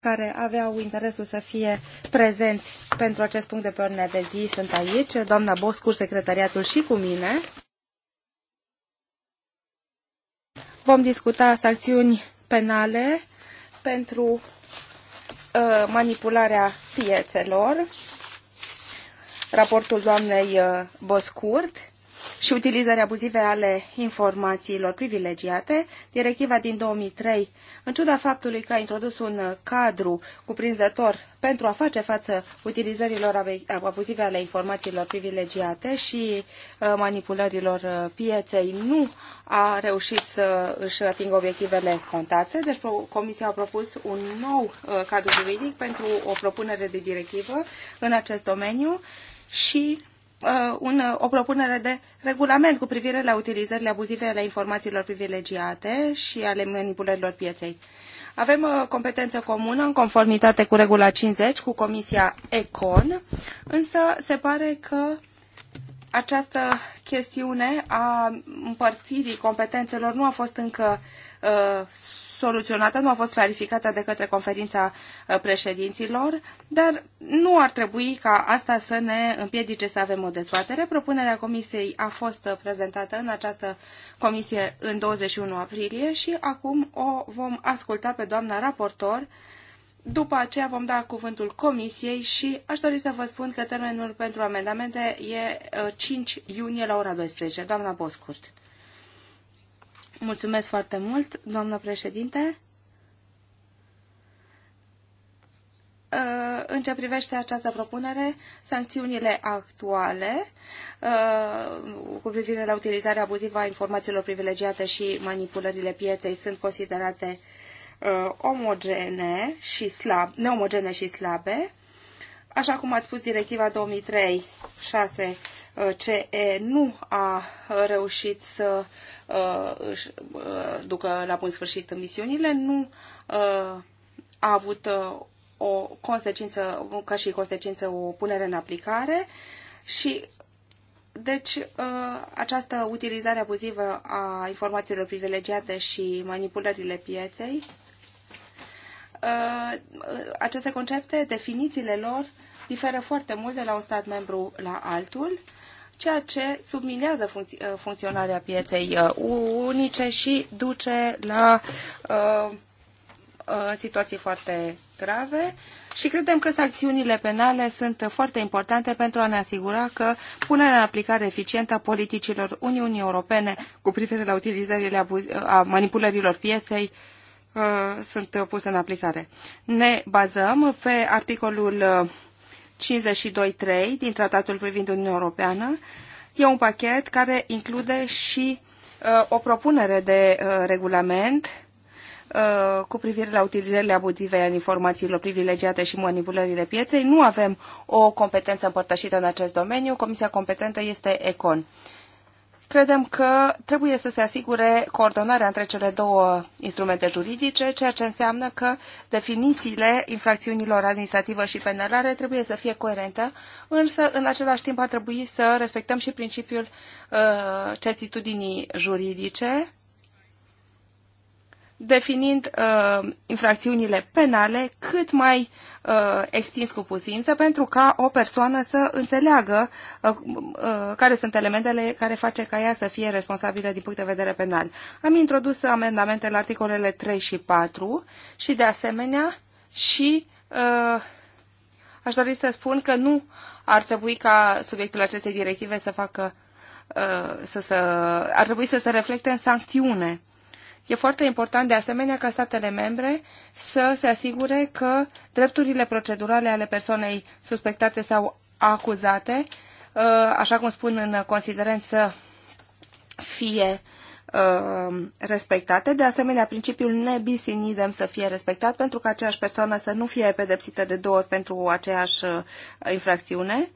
care aveau interesul să fie prezenți pentru acest punct de pe ordine de zi sunt aici, doamna Boscur, secretariatul și cu mine. Vom discuta sancțiuni penale pentru uh, manipularea piețelor, raportul doamnei uh, Boscurt și utilizări abuzive ale informațiilor privilegiate, directiva din 2003, în ciuda faptului că a introdus un cadru cuprinzător pentru a face față utilizărilor abuzive ale informațiilor privilegiate și uh, manipulărilor uh, pieței, nu a reușit să își atingă obiectivele scontate, deci Comisia a propus un nou uh, cadru juridic pentru o propunere de directivă în acest domeniu și Uh, un, uh, o propunere de regulament cu privire la utilizările abuzive ale informațiilor privilegiate și ale manipulărilor pieței. Avem uh, competență comună în conformitate cu regula 50 cu Comisia ECON, însă se pare că această chestiune a împărțirii competențelor nu a fost încă uh, soluționată, nu a fost clarificată de către conferința uh, președinților, dar nu ar trebui ca asta să ne împiedice să avem o dezbatere. Propunerea comisiei a fost uh, prezentată în această comisie în 21 aprilie și acum o vom asculta pe doamna raportor. După aceea vom da cuvântul comisiei și aș dori să vă spun că termenul pentru amendamente e 5 uh, iunie la ora 12. Doamna Boscurt. Mulțumesc foarte mult, doamnă președinte. Ă, în ce privește această propunere, sancțiunile actuale ă, cu privire la utilizarea abuzivă a informațiilor privilegiate și manipulările pieței sunt considerate ă, omogene și slab, neomogene și slabe. Așa cum ați spus, directiva 2003 6 CE nu a reușit să uh, își uh, ducă la bun sfârșit misiunile, nu uh, a avut o consecință, ca și consecință, o punere în aplicare și deci, această utilizare abuzivă a informațiilor privilegiate și manipulările pieței Uh, aceste concepte, definițiile lor, diferă foarte mult de la un stat membru la altul, ceea ce subminează funcț uh, funcționarea pieței uh, unice și duce la uh, uh, situații foarte grave și credem că sancțiunile penale sunt foarte importante pentru a ne asigura că punerea în aplicare eficientă a politicilor Uniunii Europene cu privire la utilizările a manipulărilor pieței uh, Uh, sunt puse în aplicare. Ne bazăm pe articolul 52.3 uh, din Tratatul privind Uniunea Europeană. E un pachet care include și uh, o propunere de regulament cu privire la utilizările abuzive a informațiilor privilegiate și manipulările pieței. Nu avem o competență împărtășită în acest domeniu. Comisia competentă este ECON. Credem că trebuie să se asigure coordonarea între cele două instrumente juridice, ceea ce înseamnă că definițiile infracțiunilor administrativă și penalare trebuie să fie coerente, însă în același timp ar trebui să respectăm și principiul uh, certitudinii juridice definind uh, infracțiunile penale cât mai uh, extins cu putință pentru ca o persoană să înțeleagă uh, uh, care sunt elementele care face ca ea să fie responsabilă din punct de vedere penal. Am introdus amendamente la articolele 3 și 4 și de asemenea și uh, aș dori să spun că nu ar trebui ca subiectul acestei directive să facă uh, să, să, ar trebui să se reflecte în sancțiune E foarte important de asemenea ca statele membre să se asigure că drepturile procedurale ale persoanei suspectate sau acuzate, uh, așa cum spun în considerent să fie uh, respectate. De asemenea, principiul nebis in idem să fie respectat pentru că aceeași persoană să nu fie pedepsită de două ori pentru aceeași uh, infracțiune.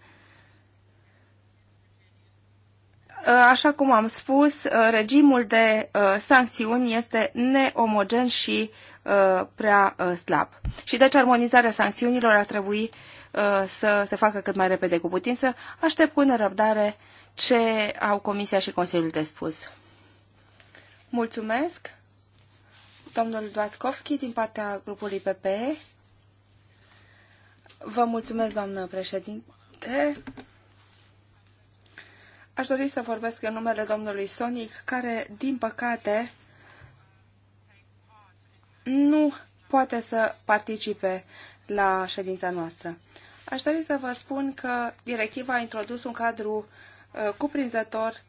Uh, așa cum am spus, uh, regimul de uh, sancțiuni este neomogen și prea slab. Și deci armonizarea sancțiunilor ar trebui să se facă cât mai repede cu putință. Aștept cu nerăbdare ce au Comisia și Consiliul de spus. Mulțumesc, domnul Dvatkovski, din partea grupului PPE. Vă mulțumesc, doamnă președinte. Aș dori să vorbesc în numele domnului Sonic, care, din păcate, nu poate să participe la ședința noastră. Aș dori să vă spun că directiva a introdus un cadru uh, cuprinzător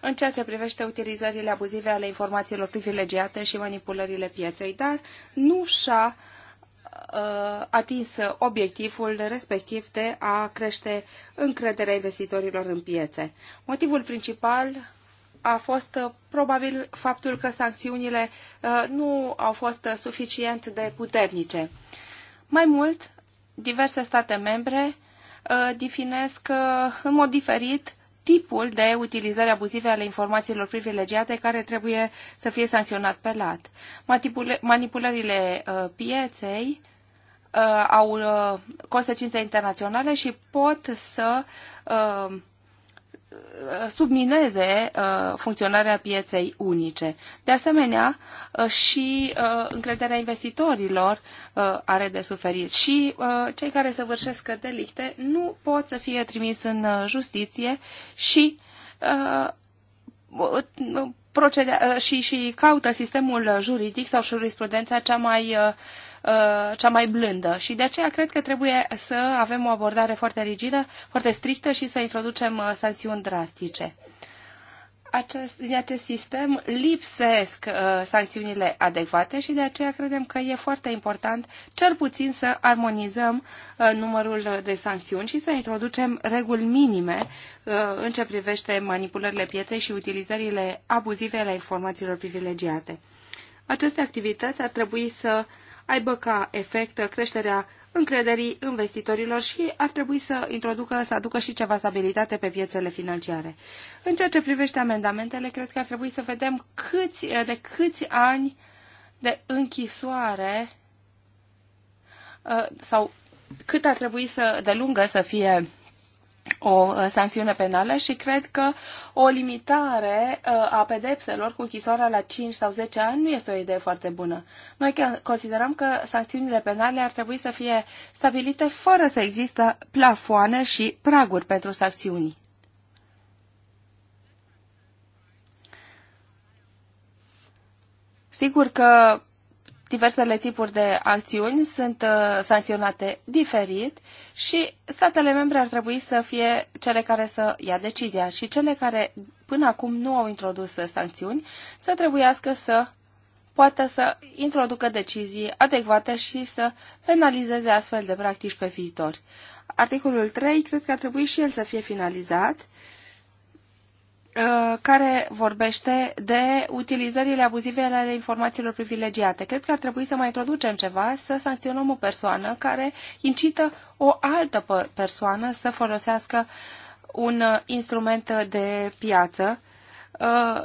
în ceea ce privește utilizările abuzive ale informațiilor privilegiate și manipulările pieței, dar nu și-a uh, Uh, atins obiectivul respectiv de a crește încrederea investitorilor în piețe. Motivul principal a fost uh, probabil faptul că sancțiunile uh, nu au fost suficient de puternice. Mai mult, diverse state membre definesc în mod diferit tipul de utilizare abuzive ale informațiilor privilegiate care trebuie să fie sancționat pe lat. Manipulările pieței uh, au uh, consecințe internaționale și pot să uh, submineze uh, funcționarea pieței unice. De asemenea, uh, și uh, încrederea investitorilor uh, are de suferit și uh, cei care săvârșesc delicte nu pot să fie trimis în uh, justiție și procedea, și, și caută sistemul juridic sau jurisprudența cea mai uh, Uh, cea mai blândă și de aceea cred că trebuie să avem o abordare foarte rigidă, foarte strictă și să introducem uh, sancțiuni drastice acest, din acest sistem lipsesc uh, sancțiunile adecvate și de aceea credem că e foarte important cel puțin să armonizăm uh, numărul de sancțiuni și să introducem reguli minime uh, în ce privește manipulările pieței și utilizările abuzive ale informațiilor privilegiate. Aceste activități ar trebui să aibă ca efect creșterea încrederii investitorilor și ar trebui să introducă, să aducă și ceva stabilitate pe piețele financiare. În ceea ce privește amendamentele, cred că ar trebui să vedem câți, de câți ani de închisoare uh, sau cât ar trebui să, de lungă să fie o uh, sancțiune penală și cred că o limitare uh, a pedepselor cu închisoarea la 5 sau 10 ani nu este o idee foarte bună. Noi considerăm că sancțiunile penale ar trebui să fie stabilite fără să există plafoane și praguri pentru sancțiuni. Sigur că diversele tipuri de acțiuni sunt uh, sancționate diferit și statele membre ar trebui să fie cele care să ia decizia și cele care până acum nu au introdus sancțiuni să trebuiască să poată să introducă decizii adecvate și să penalizeze astfel de practici pe viitor. Articolul 3 cred că ar trebui și el să fie finalizat Uh, care vorbește de utilizările abuzive ale informațiilor privilegiate. Cred că ar trebui să mai introducem ceva, să sancționăm o persoană care incită o altă persoană să folosească un uh, instrument de piață uh,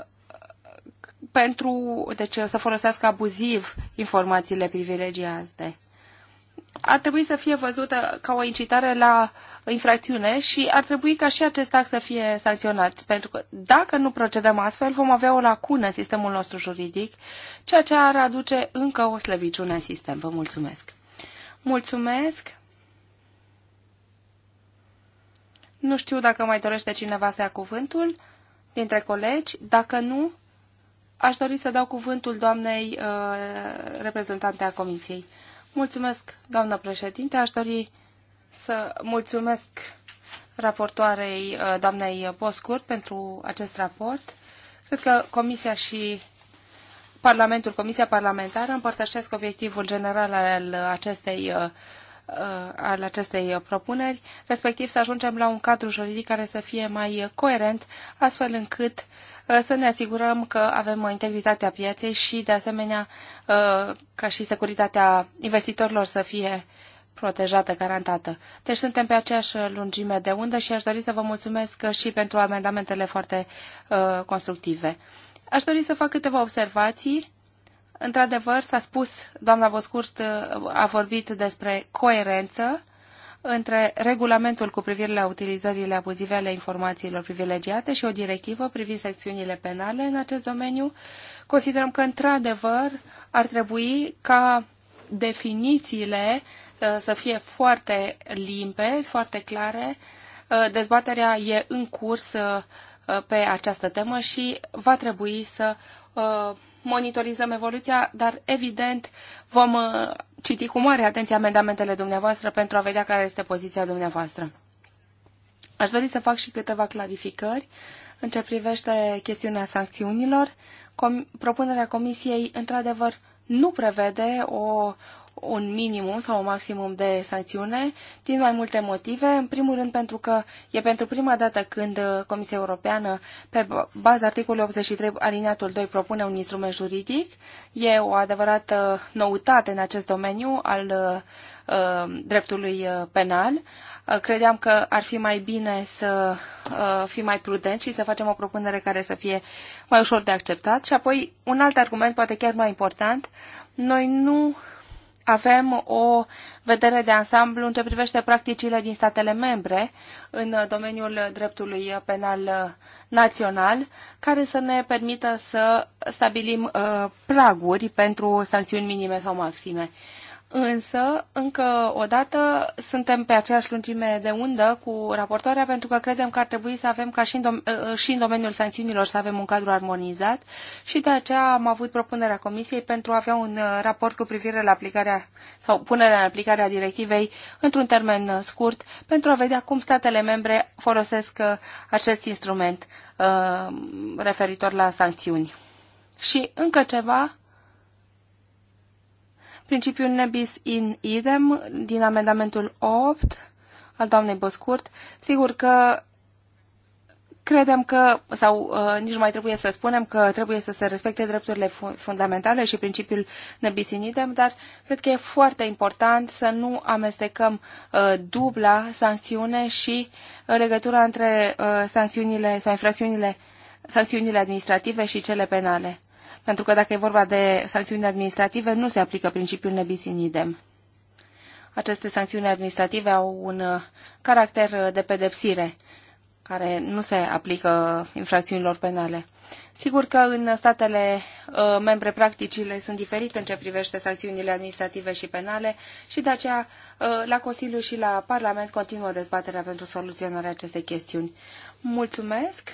pentru, deci să folosească abuziv informațiile privilegiate. Ar trebui să fie văzută ca o incitare la infracțiune și ar trebui ca și acest act să fie sancționat, pentru că dacă nu procedăm astfel, vom avea o lacună în sistemul nostru juridic, ceea ce ar aduce încă o slăbiciune în sistem. Vă mulțumesc! Mulțumesc! Nu știu dacă mai dorește cineva să ia cuvântul dintre colegi. Dacă nu, aș dori să dau cuvântul doamnei uh, reprezentante a Comisiei. Mulțumesc, doamnă președinte. Aș dori să mulțumesc raportoarei uh, doamnei Boscurt pentru acest raport. Cred că Comisia și Parlamentul, Comisia Parlamentară împărtășesc obiectivul general al acestei uh, uh, al acestei propuneri, respectiv să ajungem la un cadru juridic care să fie mai coerent, astfel încât să ne asigurăm că avem integritatea pieței și, de asemenea, ca și securitatea investitorilor să fie protejată, garantată. Deci suntem pe aceeași lungime de undă și aș dori să vă mulțumesc și pentru amendamentele foarte uh, constructive. Aș dori să fac câteva observații. Într-adevăr, s-a spus, doamna Boscurt uh, a vorbit despre coerență între regulamentul cu privire la utilizările abuzive ale informațiilor privilegiate și o directivă privind secțiunile penale în acest domeniu. Considerăm că, într-adevăr, ar trebui ca definițiile uh, să fie foarte limpezi, foarte clare. Uh, dezbaterea e în curs uh, pe această temă și va trebui să monitorizăm evoluția, dar evident vom citi cu mare atenție amendamentele dumneavoastră pentru a vedea care este poziția dumneavoastră. Aș dori să fac și câteva clarificări în ce privește chestiunea sancțiunilor. Com propunerea Comisiei, într-adevăr, nu prevede o un minimum sau un maximum de sancțiune din mai multe motive. În primul rând pentru că e pentru prima dată când uh, Comisia Europeană, pe baza articolului 83 aliniatul 2, propune un instrument juridic. E o adevărată noutate în acest domeniu al uh, uh dreptului uh, penal. Credeam că ar fi mai bine să uh, fim mai prudenți și să facem o propunere care să fie mai ușor de acceptat. Și apoi, un alt argument, poate chiar mai important, noi nu avem o vedere de ansamblu în ce privește practicile din statele membre în domeniul dreptului penal național, care să ne permită să stabilim uh, praguri pentru sancțiuni minime sau maxime. Însă, încă o dată, suntem pe aceeași lungime de undă cu raportoarea pentru că credem că ar trebui să avem ca și în, dom- ă, ă, și în domeniul sancțiunilor să avem un cadru armonizat și de aceea am avut propunerea Comisiei pentru a avea un ă, raport cu privire la aplicarea sau punerea în aplicare a directivei într-un termen scurt pentru a vedea cum statele membre folosesc acest instrument referitor la sancțiuni. Și încă ceva Principiul nebis in idem din amendamentul 8 al doamnei Boscurt. Sigur că credem că, sau uh, nici nu mai trebuie să spunem că trebuie să se respecte drepturile fu fundamentale și principiul nebis in idem, dar cred că e foarte important să nu amestecăm uh, dubla sancțiune și uh, legătura între uh, sancțiunile sau infracțiunile, sancțiunile administrative și cele penale pentru că dacă e vorba de sancțiuni administrative, nu se aplică principiul nebis in idem. Aceste sancțiuni administrative au un uh, caracter uh, de pedepsire, care nu se aplică infracțiunilor penale. Sigur că în statele uh, membre practicile sunt diferite în ce privește sancțiunile administrative și penale și de aceea la Consiliu și la Parlament continuă dezbaterea pentru soluționarea acestei chestiuni. Mulțumesc!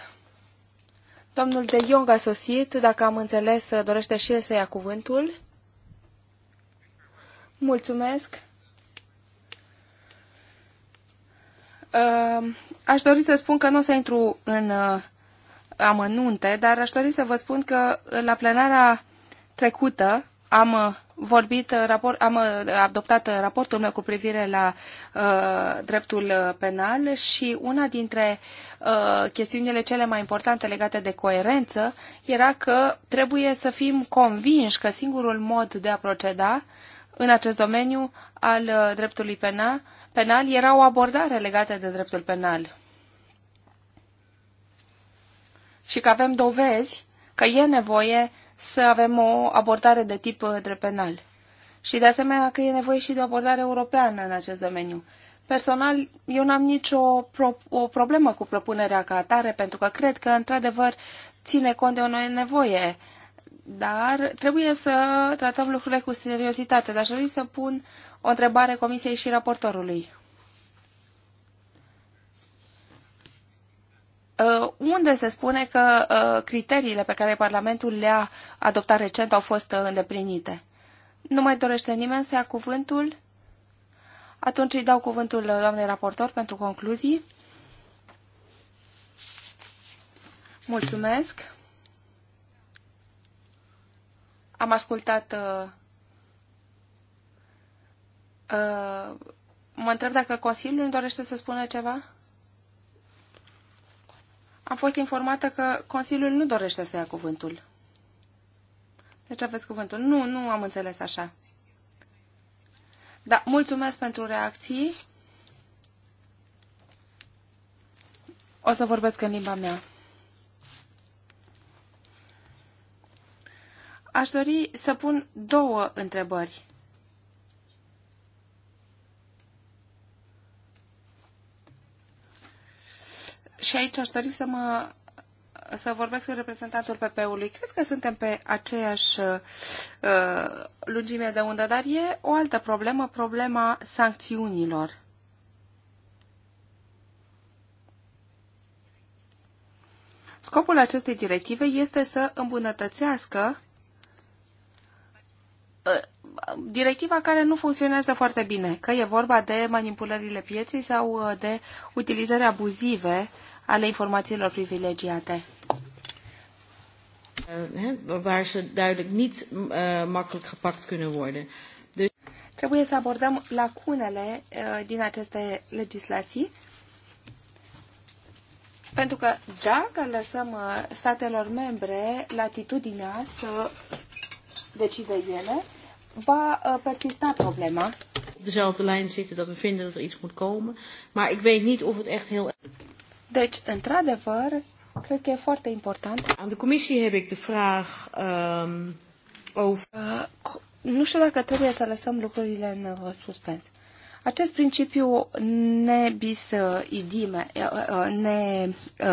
Domnul de Jong a sosit, dacă am înțeles, dorește și el să ia cuvântul. Mulțumesc. Ehm, aș dori să spun că nu o să intru în eh, amănunte, dar aș dori să vă spun că la plenara trecută am uh, vorbit, uh, raport, am uh, adoptat raportul meu cu privire la uh, dreptul penal și una dintre uh, chestiunile cele mai importante legate de coerență era că trebuie să fim convinși că singurul mod de a proceda în acest domeniu al uh, dreptului penal, penal era o abordare legată de dreptul penal. Și că avem dovezi că e nevoie să avem o abordare de tip uh, drept penal. Și de asemenea că e nevoie și de o abordare europeană în acest domeniu. Personal, eu n-am nicio pro- o problemă cu propunerea ca atare, pentru că cred că, într-adevăr, ține cont de o nevoie. Dar trebuie să tratăm lucrurile cu seriozitate. Dar aș vrea să pun o întrebare Comisiei și raportorului. Uh, unde se spune că uh, criteriile pe care Parlamentul le-a adoptat recent au fost uh, îndeplinite. Nu mai dorește nimeni să ia cuvântul? Atunci îi dau cuvântul doamnei raportor pentru concluzii. Mulțumesc. Am ascultat. Uh, uh, mă întreb dacă Consiliul îmi dorește să spună ceva? Am fost informată că Consiliul nu dorește să ia cuvântul. De deci ce aveți cuvântul. Nu, nu am înțeles așa. Da, mulțumesc pentru reacții. O să vorbesc în limba mea. Aș dori să pun două întrebări Și aici aș dori să mă să vorbesc cu reprezentantul PP-ului. Cred că suntem pe aceeași uh, lungime de undă, dar e o altă problemă, problema sancțiunilor. Scopul acestei directive este să îmbunătățească uh, directiva care nu funcționează foarte bine, că e vorba de manipulările pieței sau uh, de utilizări abuzive ale informațiilor privilegiate. Eh, waar ze duidelijk niet eh, makkelijk gepakt kunnen worden. Trebuie să abordăm lacunele eh, din aceste legislații pentru că dacă lăsăm statelor membre latitudinea să decide ele, va persista problema. dezelfde lijn zitten dat we vinden dat er iets moet komen, maar ik weet niet of het echt heel deci, într-adevăr, cred că e foarte important. Aan de comisie heb ik de vraag um, over... Uh, nu știu dacă trebuie să lăsăm lucrurile în uh, suspens. Acest principiu ne bis uh, idime, uh, uh, ne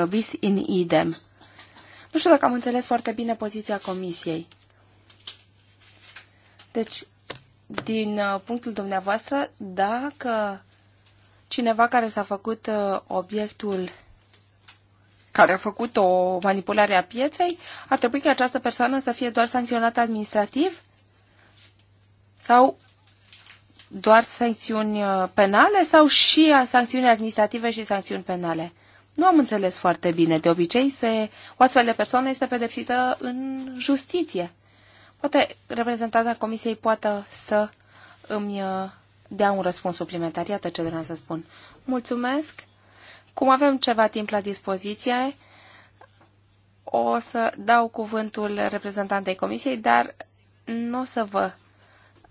bis in idem. Nu știu dacă am înțeles foarte bine poziția comisiei. Deci, din punctul dumneavoastră, dacă cineva care s-a făcut obiectul care a făcut o manipulare a pieței, ar trebui ca această persoană să fie doar sancționată administrativ sau doar sancțiuni uh, penale sau și uh, sancțiuni administrative și sancțiuni penale? Nu am înțeles foarte bine. De obicei, se, o astfel de persoană este pedepsită în justiție. Poate reprezentanta comisiei poate să îmi uh, dea un răspuns suplimentar. Iată ce doresc să spun. Mulțumesc. Cum avem ceva timp la dispoziție, o să dau cuvântul reprezentantei comisiei, dar nu o să vă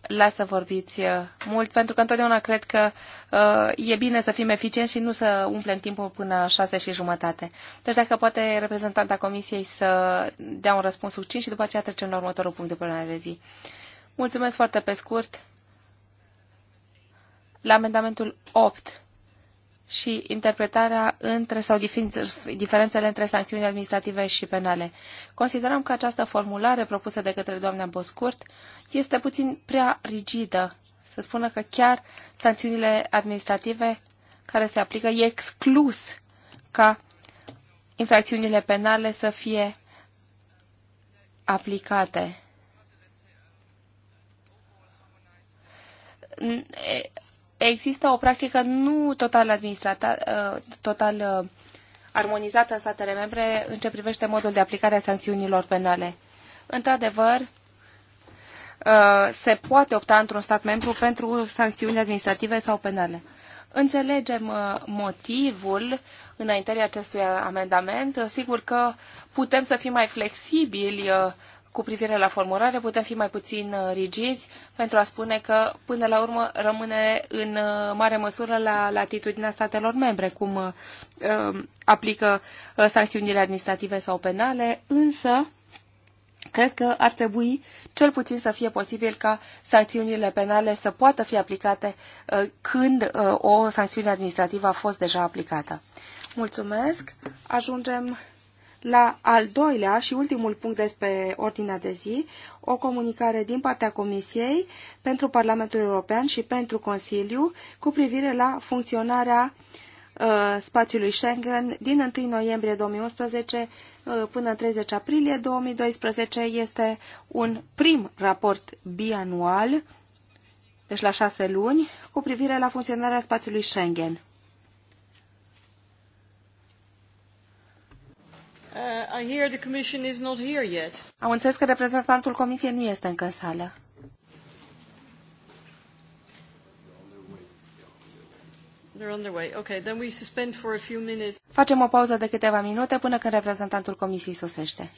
las să vorbiți uh, mult, pentru că întotdeauna cred că uh, e bine să fim eficienți și nu să umplem timpul până șase și jumătate. Deci dacă poate reprezentanta comisiei să dea un răspuns succint și după aceea trecem la următorul punct de până de zi. Mulțumesc foarte pe scurt. La amendamentul 8 și interpretarea între sau diferențele între sancțiuni administrative și penale. Considerăm că această formulare propusă de către doamna Boscurt este puțin prea rigidă, să spună că chiar sancțiunile administrative care se aplică e exclus ca infracțiunile penale să fie aplicate există o practică nu total, administrată, uh, total uh, armonizată în statele membre în ce privește modul de aplicare a sancțiunilor penale. Într-adevăr, uh, se poate opta într-un stat membru pentru sancțiuni administrative sau penale. Înțelegem motivul înaintării acestui amendament. Sigur că putem să fim mai flexibili cu privire la formulare putem fi mai puțin uh, rigizi pentru a spune că până la urmă rămâne în uh, mare măsură la latitudinea statelor membre cum uh, um, aplică uh, sancțiunile administrative sau penale, însă cred că ar trebui cel puțin să fie posibil ca sancțiunile penale să poată fi aplicate uh, când o sancțiune administrativă a fost deja aplicată. Mulțumesc! Ajungem la al doilea și ultimul punct despre ordinea de zi, o comunicare din partea Comisiei pentru Parlamentul European și pentru Consiliu cu privire la funcționarea uh, spațiului Schengen din 1 noiembrie 2011 uh, până 30 aprilie 2012 este un prim raport bianual, deci la șase luni, cu privire la funcționarea spațiului Schengen. Uh, I hear the commission is not here yet. Am înțeles că reprezentantul comisiei nu este încă în sală. They're on their way. Okay, then we suspend for a few minutes. Facem o pauză de câteva minute până când reprezentantul comisiei sosește.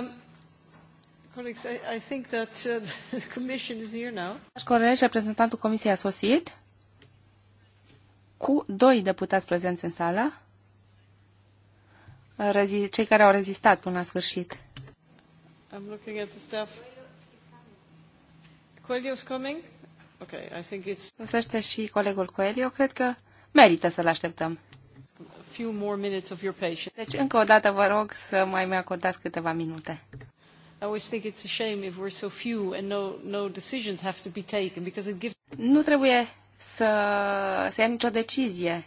Um, Colegi, reprezentantul Comisiei a sosit cu doi deputați prezenți în sală, cei care au rezistat până la sfârșit. I'm looking at the staff. Coelho's coming? Okay, I think it's... și colegul Coelho. Cred că merită să-l așteptăm few more minutes of your patience. Deci încă o dată vă rog să mai mi acordați câteva minute. I always think it's a shame if we're so few and no, no decisions have to be taken because it gives Nu trebuie să se ia nicio decizie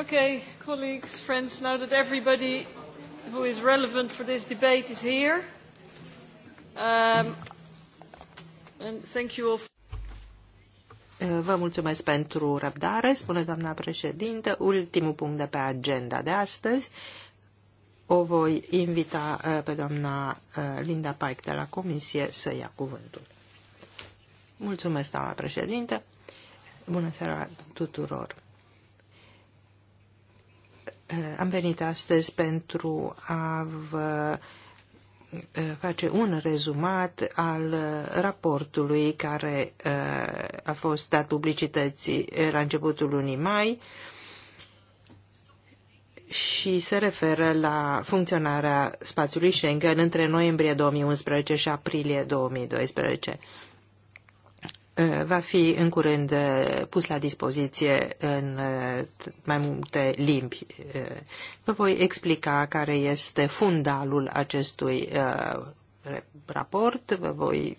Okay, colleagues, friends, now that everybody who is relevant for this debate is here, um, and thank you all. Uh, vă mulțumesc pentru răbdare, spune doamna președintă. Ultimul punct de pe agenda de astăzi. O voi invita uh, pe doamna uh, Linda Pike de la Comisie să ia cuvântul. Mulțumesc, doamna președintă. Bună seara tuturor. Am venit astăzi pentru a vă eh, face un rezumat al raportului care eh, a fost dat publicității eh, la începutul lunii mai și se referă la funcționarea spațiului Schengen între noiembrie 2011 și aprilie 2012. Eh, va fi în curând eh, pus la dispoziție în eh, mai multe limbi. Vă voi explica care este fundalul acestui raport, vă voi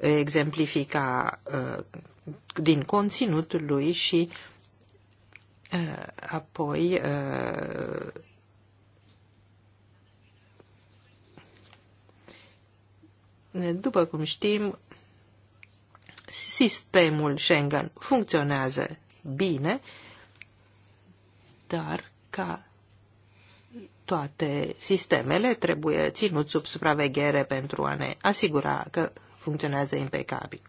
exemplifica din conținutul lui și apoi după cum știm, sistemul Schengen funcționează bine, dar ca toate sistemele trebuie ținut sub supraveghere pentru a ne asigura că funcționează impecabil.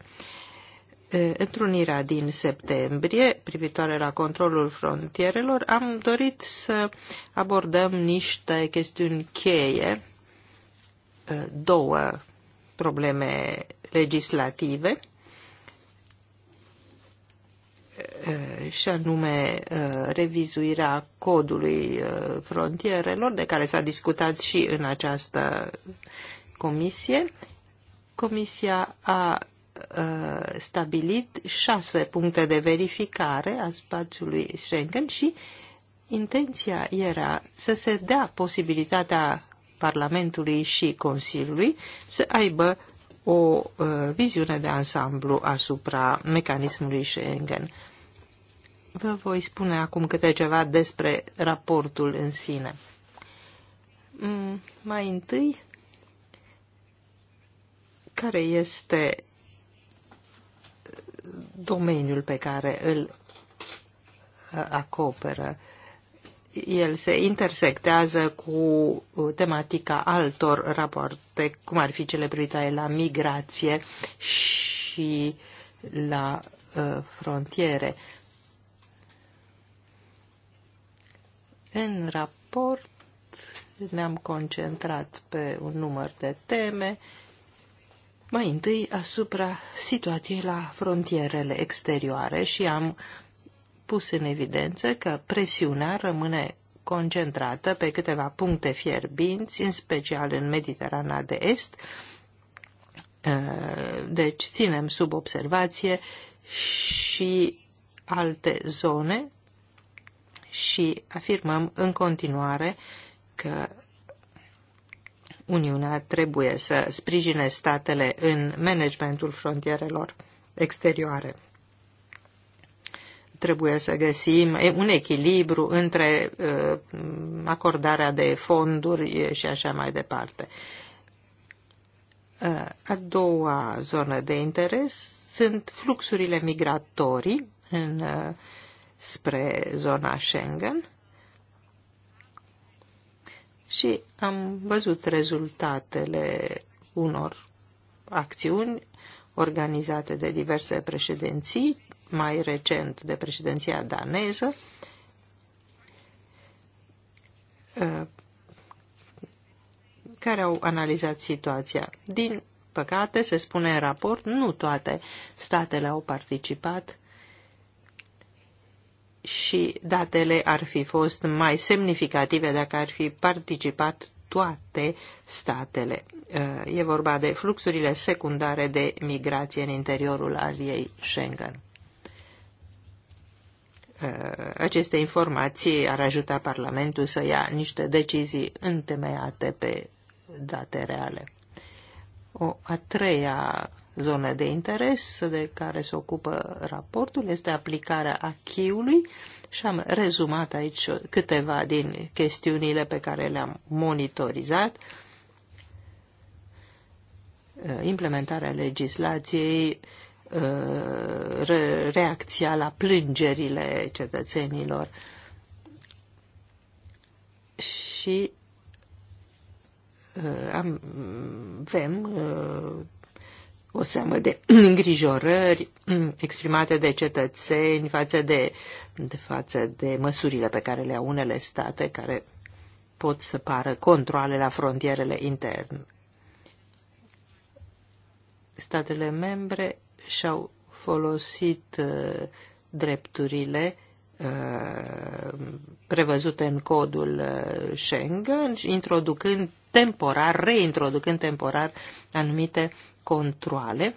Întrunirea din septembrie privitoare la controlul frontierelor am dorit să abordăm niște chestiuni cheie, două probleme legislative Eh, și anume eh, revizuirea codului eh, frontierelor, de care s-a discutat și în această comisie. Comisia a stabilit șase puncte de verificare a spațiului Schengen și intenția era să se dea posibilitatea Parlamentului și Consiliului să aibă o uh, viziune de ansamblu asupra mecanismului Schengen. Vă voi spune acum câte ceva despre raportul în sine. Mm, mai întâi, care este domeniul pe care îl uh, acoperă? El se intersectează cu uh, tematica altor rapoarte, cum ar fi cele privitoare la migrație și la uh, frontiere. În raport ne-am concentrat pe un număr de teme, mai întâi asupra situației la frontierele exterioare și am pus în evidență că presiunea rămâne concentrată pe câteva puncte fierbinți, în special în Mediterana de Est. Uh, deci ținem sub observație și alte zone și afirmăm în continuare că Uniunea trebuie să sprijine statele în managementul frontierelor exterioare. Trebuie să găsim un echilibru între uh, acordarea de fonduri și așa mai departe. Uh, a doua zonă de interes sunt fluxurile migratorii în uh, spre zona Schengen și am văzut rezultatele unor acțiuni organizate de diverse președinții, mai recent de președinția daneză, uh, care au analizat situația. Din păcate, se spune în raport, nu toate statele au participat și datele ar fi fost mai semnificative dacă ar fi participat toate statele. Uh, e vorba de fluxurile secundare de migrație în interiorul Aliei Schengen. Uh, aceste informații ar ajuta Parlamentul să ia niște decizii întemeiate pe date reale. O a treia zonă de interes de care se ocupă raportul este aplicarea achiului și am rezumat aici câteva din chestiunile pe care le-am monitorizat. Implementarea legislației, reacția la plângerile cetățenilor și uh, avem o seamă de îngrijorări exprimate de cetățeni față de, de, față de măsurile pe care le au unele state care pot să pară controle la frontierele interne. Statele membre și-au folosit uh, drepturile uh, prevăzute în codul uh, Schengen, introducând temporar, reintroducând temporar anumite controle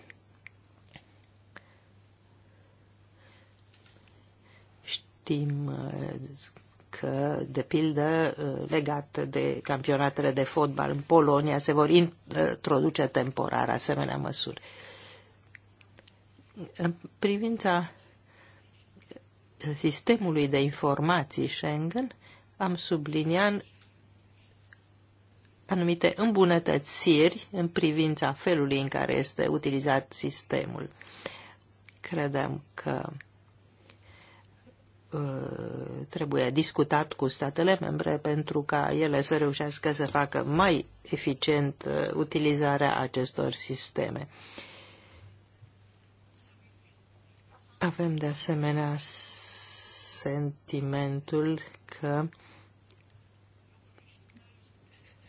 știm uh, că, de pildă, uh, legat de campionatele de fotbal în Polonia, se vor uh, introduce temporar asemenea măsuri. În privința sistemului de informații Schengen, am subliniat anumite îmbunătățiri în privința felului în care este utilizat sistemul. Credem că uh, trebuie discutat cu statele membre pentru ca ele să reușească să facă mai eficient uh, utilizarea acestor sisteme. Avem de asemenea sentimentul că uh,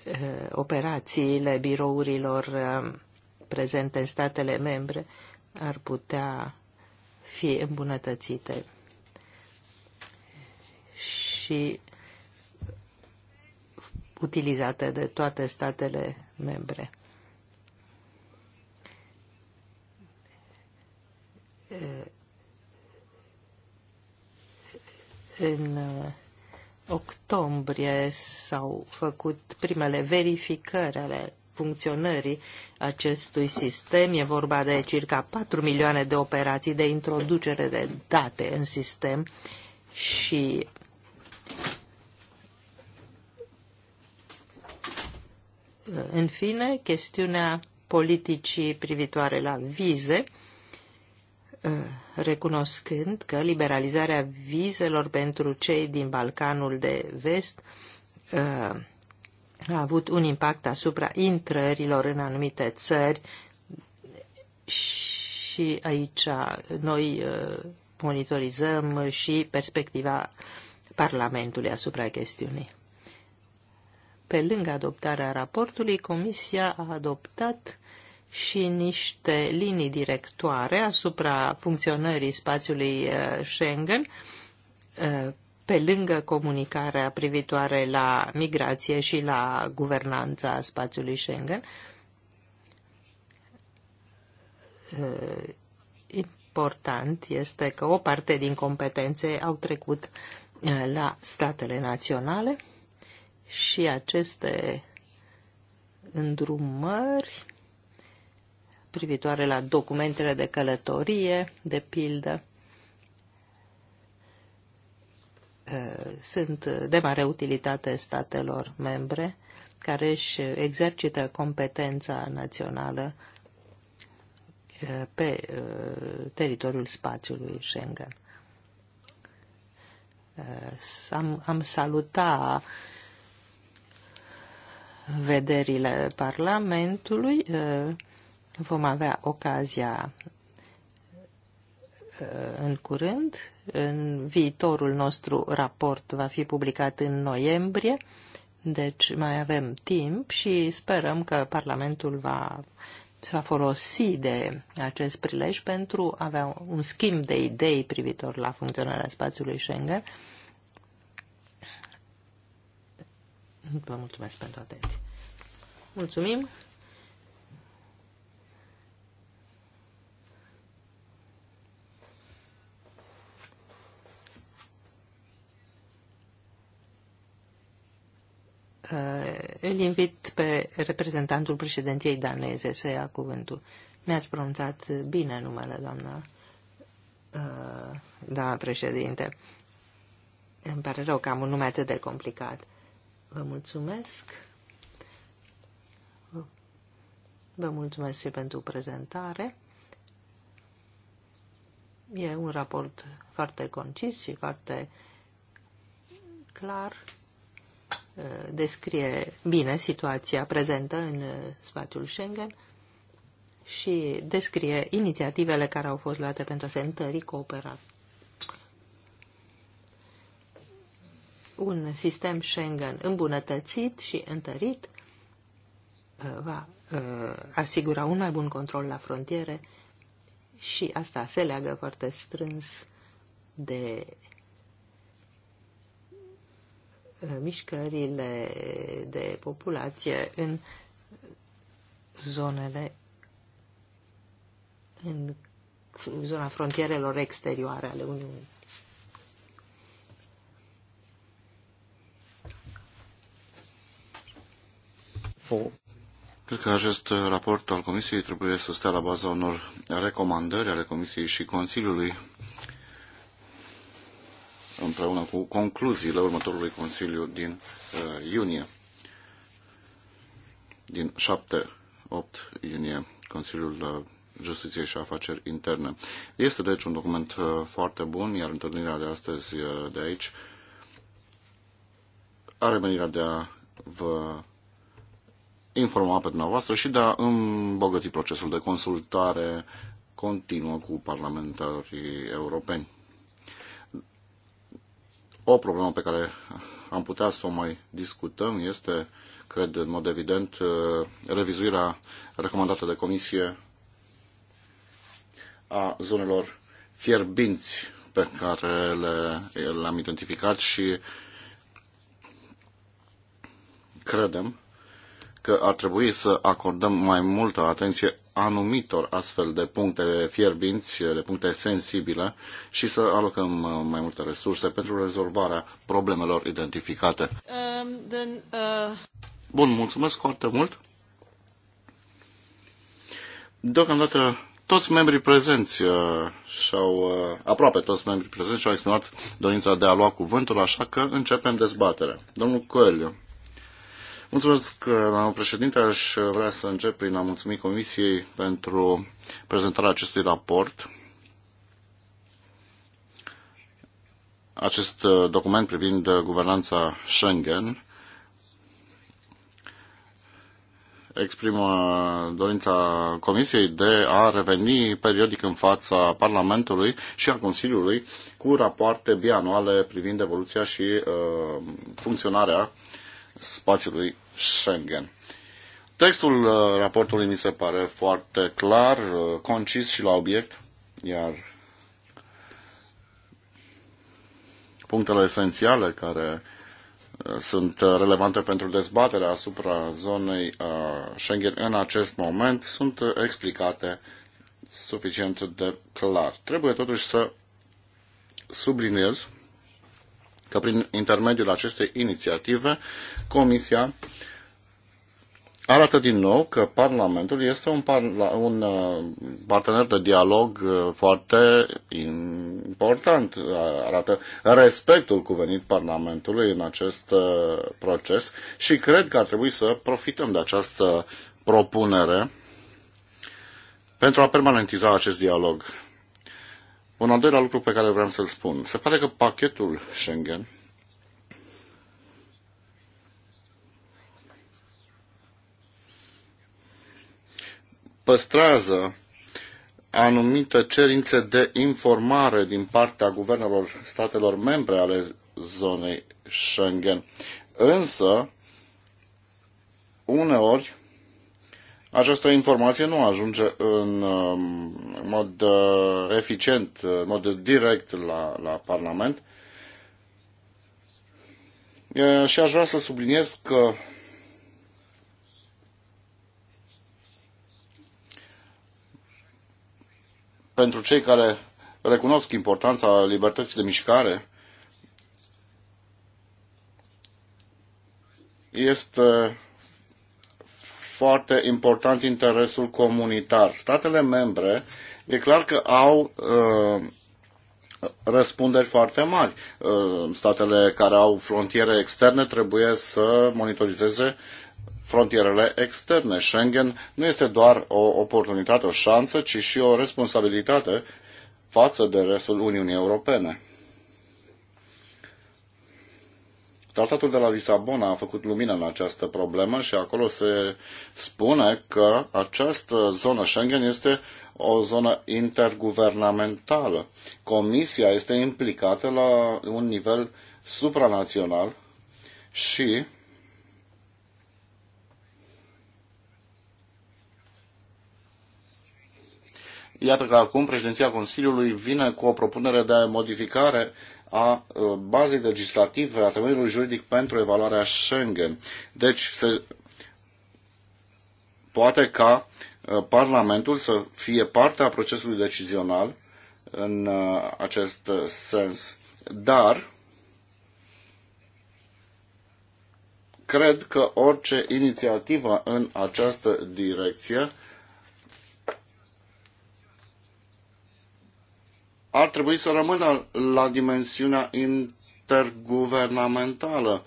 Eh, operațiile birourilor eh, prezente în statele membre ar putea fi îmbunătățite. Și utilizate de toate statele membre. Eh, în octombrie s-au făcut primele verificări ale funcționării acestui sistem. E vorba de circa 4 milioane de operații de introducere de date în sistem și în fine chestiunea politicii privitoare la vize Eh, recunoscând că liberalizarea vizelor pentru cei din Balcanul de Vest eh, a avut un impact asupra intrărilor în anumite țări și aici noi eh, monitorizăm și perspectiva Parlamentului asupra chestiunii. Pe lângă adoptarea raportului, Comisia a adoptat uh, și niște linii directoare asupra funcționării spațiului uh, Schengen, uh, pe lângă comunicarea privitoare la migrație și la guvernanța spațiului Schengen, uh, important este că o parte din competențe au trecut la statele naționale și aceste îndrumări privitoare la documentele de călătorie, de pildă, uh, sunt de mare utilitate statelor membre care își exercită competența națională uh, pe uh, teritoriul spațiului Schengen. Am, am salutat vederile Parlamentului Vom avea ocazia uh, în curând. În viitorul nostru raport va fi publicat în noiembrie, deci mai avem timp și sperăm că Parlamentul va, se va folosi de acest prilej pentru a avea un schimb de idei privitor la funcționarea spațiului Schengen. Vă mulțumesc pentru atenție. Mulțumim! Uh, îl invit pe reprezentantul președinției daneze să ia cuvântul. Mi-ați pronunțat bine numele, doamna, uh, doamna președinte. Îmi pare rău că am un nume atât de complicat. Vă mulțumesc. Vă mulțumesc și pentru prezentare. E un raport foarte concis și foarte clar Uh, descrie bine situația prezentă în uh, spațiul Schengen și descrie inițiativele care au fost luate pentru a se întări cooperat Un sistem Schengen îmbunătățit și întărit uh, va asigura un mai bun control la frontiere și asta se leagă foarte strâns de mișcările de populație în zonele în zona frontierelor exterioare ale Uniunii. For. Cred că acest raport al Comisiei trebuie să stea la baza unor recomandări ale Comisiei și Consiliului împreună cu concluziile următorului Consiliu din uh, iunie. Din 7-8 iunie, Consiliul uh, Justiției și Afaceri Interne. Este deci un document uh, foarte bun, iar întâlnirea de astăzi uh, de aici are menirea de a vă informa pe dumneavoastră și de a îmbogăți procesul de consultare continuă cu parlamentarii europeni. O problemă pe care am putea să o mai discutăm este, cred în mod evident, uh, revizuirea recomandată de comisie a zonelor fierbinți pe care le, le-am identificat și credem că ar trebui să acordăm mai multă atenție anumitor astfel de puncte fierbinți, de puncte sensibile și să alocăm uh, mai multe resurse pentru rezolvarea problemelor identificate. Um, then, uh... Bun, mulțumesc foarte mult. Deocamdată toți membrii prezenți uh, și-au, uh, aproape toți membrii prezenți și-au exprimat dorința de a lua cuvântul, așa că începem dezbaterea. Domnul Coelho. Mulțumesc, doamnă președinte. Aș vrea să încep prin a mulțumi Comisiei pentru prezentarea acestui raport. Acest document privind guvernanța Schengen exprimă dorința Comisiei de a reveni periodic în fața Parlamentului și a Consiliului cu rapoarte bianuale privind evoluția și uh, funcționarea spațiului Schengen. Textul uh, raportului mi se pare foarte clar, uh, concis și la obiect, iar punctele esențiale care uh, sunt relevante pentru dezbaterea asupra zonei Schengen în acest moment sunt explicate suficient de clar. Trebuie totuși să subliniez că prin intermediul acestei inițiative Comisia arată din nou că Parlamentul este un, parla un uh, partener de dialog uh, foarte important. Arată respectul cuvenit Parlamentului în acest uh, proces și cred că ar trebui să profităm de această propunere pentru a permanentiza acest dialog. Un al doilea lucru pe care vreau să-l spun. Se pare că pachetul Schengen păstrează anumite cerințe de informare din partea guvernelor statelor membre ale zonei Schengen. Însă, uneori, această informație nu ajunge în um, mod uh, eficient, uh, în mod direct la, la Parlament. Și aș vrea să subliniez că pentru cei care recunosc importanța libertății de mișcare, este foarte important interesul comunitar. Statele membre, e clar că au uh, răspunderi foarte mari. Uh, statele care au frontiere externe trebuie să monitorizeze frontierele externe. Schengen nu este doar o oportunitate, o șansă, ci și o responsabilitate față de restul Uniunii Europene. Tratatul de la Lisabona a făcut lumină în această problemă și acolo se spune că această zonă Schengen este o zonă interguvernamentală. Comisia este implicată la un nivel supranațional și Iată că acum președinția Consiliului vine cu o propunere de modificare a uh, bazei legislative, a temeiului juridic pentru evaluarea Schengen. Deci se poate ca uh, Parlamentul să fie parte a procesului decizional în uh, acest sens. Dar cred că orice inițiativă în această direcție ar trebui să rămână la dimensiunea interguvernamentală.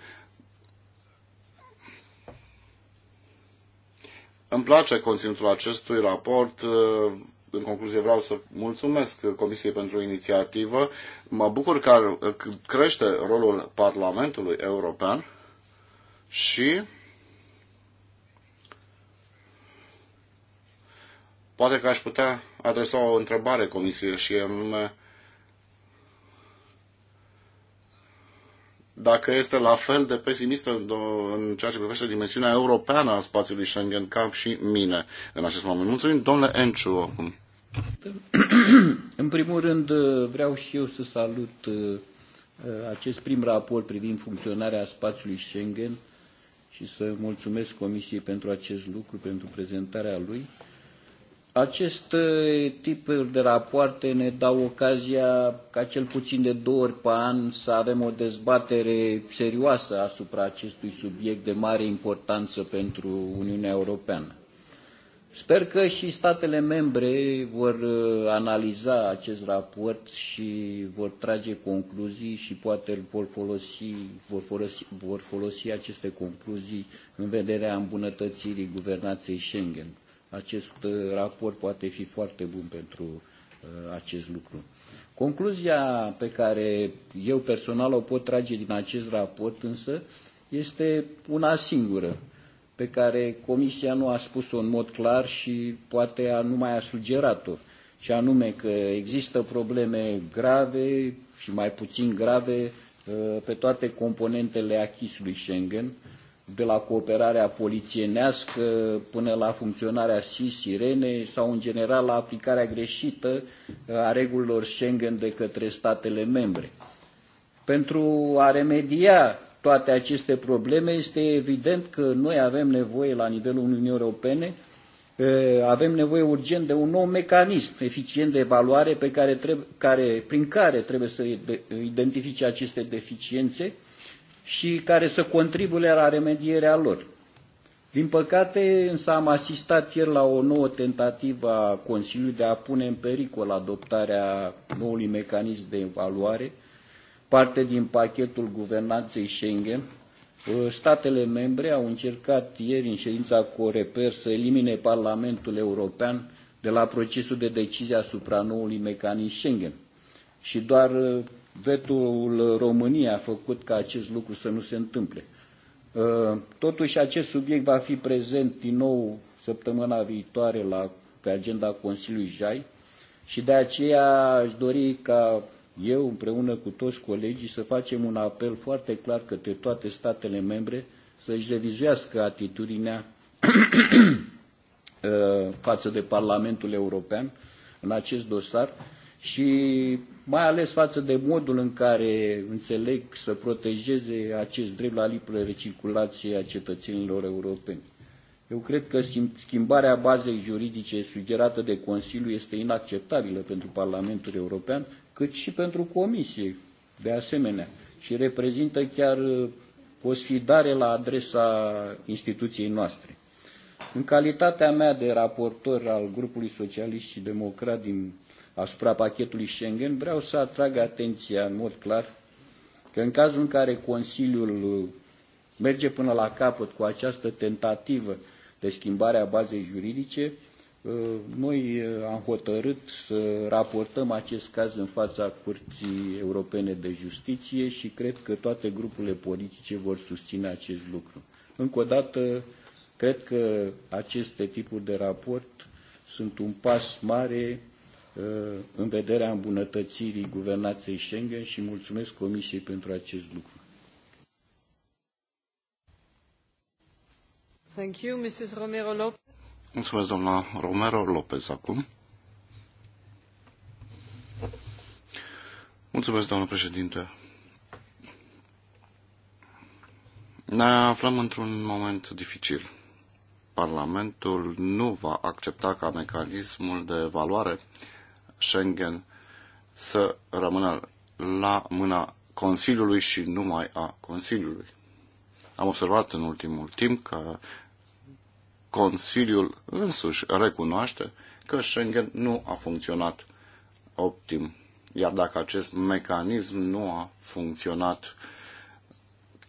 Îmi place conținutul acestui raport. În concluzie vreau să mulțumesc Comisiei pentru inițiativă. Mă bucur că crește rolul Parlamentului European și poate că aș putea adresa o întrebare Comisiei și am dacă este la fel de pesimistă în ceea ce privește dimensiunea europeană a spațiului Schengen ca și mine în acest moment. Mulțumim, domnule Enciu, acum. În primul rând, vreau și eu să salut uh, uh, acest prim raport privind funcționarea spațiului Schengen și să mulțumesc Comisiei pentru acest lucru, pentru prezentarea lui. Acest ă, tip de rapoarte ne dau ocazia ca cel puțin de două ori pe an să avem o dezbatere serioasă asupra acestui subiect de mare importanță pentru Uniunea Europeană. Sper că și statele membre vor ă, analiza acest raport și vor trage concluzii și poate vor folosi, vor folosi, vor folosi aceste concluzii în vederea îmbunătățirii guvernanței Schengen acest uh, raport poate fi foarte bun pentru uh, acest lucru. Concluzia pe care eu personal o pot trage din acest raport însă este una singură pe care Comisia nu a spus-o în mod clar și poate a, nu mai a sugerat-o, și anume că există probleme grave și mai puțin grave uh, pe toate componentele achisului Schengen, de la cooperarea polițienească până la funcționarea SIS, sirene sau în general la aplicarea greșită a regulilor Schengen de către statele membre. Pentru a remedia toate aceste probleme, este evident că noi avem nevoie la nivelul Uniunii Europene eh, avem nevoie urgent de un nou mecanism eficient de evaluare pe care, care, prin care trebuie să identifice aceste deficiențe și care să contribuie la remedierea lor. Din păcate, însă am asistat ieri la o nouă tentativă a Consiliului de a pune în pericol adoptarea noului mecanism de evaluare, parte din pachetul guvernanței Schengen. Uh, statele membre au încercat ieri în ședința Coreper să elimine Parlamentul European de la procesul de decizie asupra noului mecanism Schengen. Și doar uh, Vetul României a făcut ca acest lucru să nu se întâmple. Uh, totuși, acest subiect va fi prezent din nou săptămâna viitoare la, pe agenda Consiliului JAI și de aceea aș dori ca eu, împreună cu toți colegii, să facem un apel foarte clar către toate statele membre să-și revizuiască atitudinea uh, față de Parlamentul European în acest dosar și mai ales față de modul în care înțeleg să protejeze acest drept la liberă circulație a cetățenilor europeni. Eu cred că schimbarea bazei juridice sugerată de Consiliu este inacceptabilă pentru Parlamentul European, cât și pentru Comisie, de asemenea, și reprezintă chiar uh, o sfidare la adresa instituției noastre. În calitatea mea de raportor al grupului socialist și democrat din asupra pachetului Schengen, vreau să atrag atenția în mod clar că în cazul în care Consiliul uh, merge până la capăt cu această tentativă de schimbare a bazei juridice, uh, noi uh, am hotărât să raportăm acest caz în fața Curții Europene de Justiție și cred că toate grupurile politice vor susține acest lucru. Încă o dată, cred că aceste tipuri de raport sunt un pas mare Uh, în vederea îmbunătățirii guvernației Schengen și mulțumesc Comisiei pentru acest lucru. Thank you, Mrs. Romero Lopez. Mulțumesc, doamna Romero Lopez, acum. Mulțumesc, doamnă președinte. Ne aflăm într-un moment dificil. Parlamentul nu va accepta ca mecanismul de evaluare Schengen să rămână la mâna Consiliului și numai a Consiliului. Am observat în ultimul timp că Consiliul însuși recunoaște că Schengen nu a funcționat optim. Iar dacă acest mecanism nu a funcționat,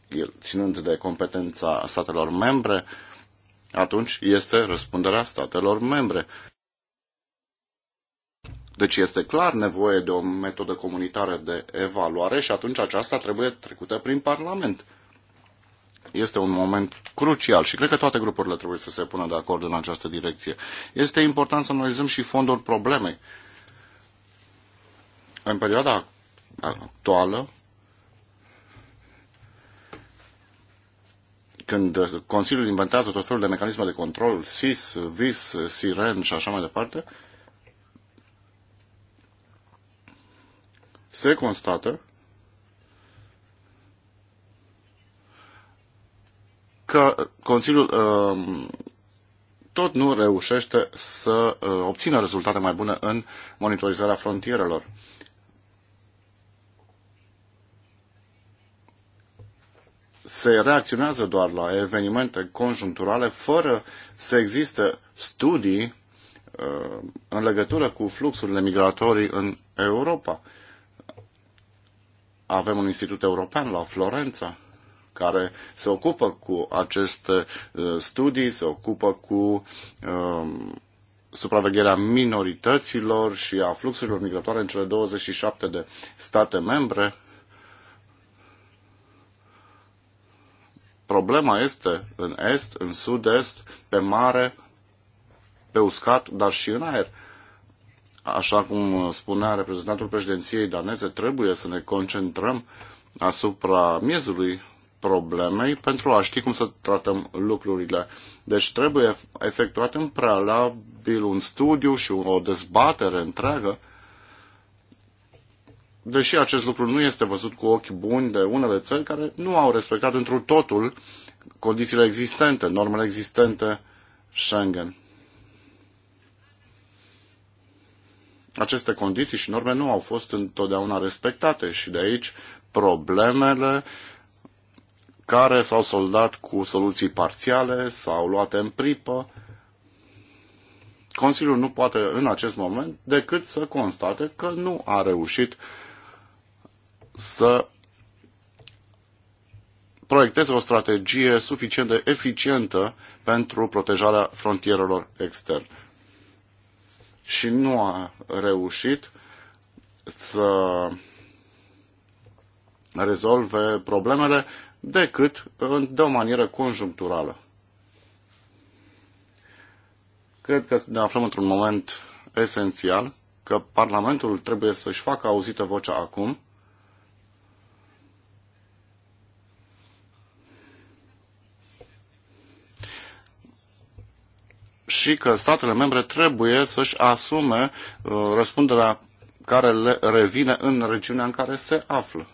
el, ținând de competența statelor membre, atunci este răspunderea statelor membre. Deci este clar nevoie de o metodă comunitară de evaluare și atunci aceasta trebuie trecută prin Parlament. Este un moment crucial și cred că toate grupurile trebuie să se pună de acord în această direcție. Este important să analizăm și fondul problemei. În perioada actuală, când Consiliul inventează tot felul de mecanisme de control, SIS, VIS, SIREN și așa mai departe, uh, se constată că Consiliul um, tot nu reușește să uh, obțină rezultate mai bune în monitorizarea frontierelor. Se reacționează doar la evenimente conjuncturale fără să existe studii uh, în legătură cu fluxurile migratorii în Europa. Avem un institut european la Florența care se ocupă cu aceste uh, studii, se ocupă cu um, supravegherea minorităților și a fluxurilor migratoare în cele 27 de state membre. Problema este în est, în sud-est, pe mare, pe uscat, dar și în aer. Așa cum spunea reprezentantul președinției daneze, trebuie să ne concentrăm asupra miezului problemei pentru a ști cum să tratăm lucrurile. Deci trebuie efectuat în prealabil un studiu și o dezbatere întreagă, deși acest lucru nu este văzut cu ochi buni de unele țări care nu au respectat întru totul condițiile existente, normele existente Schengen. aceste condiții și norme nu au fost întotdeauna respectate și de aici problemele care s-au soldat cu soluții parțiale sau luate în pripă. Consiliul nu poate în acest moment decât să constate că nu a reușit să proiecteze o strategie suficient de eficientă pentru protejarea frontierelor externe și nu a reușit să rezolve problemele decât de o manieră conjuncturală. Cred că ne aflăm într-un moment esențial, că Parlamentul trebuie să-și facă auzită vocea acum și că statele membre trebuie să-și asume uh, răspunderea care le revine în regiunea în care se află.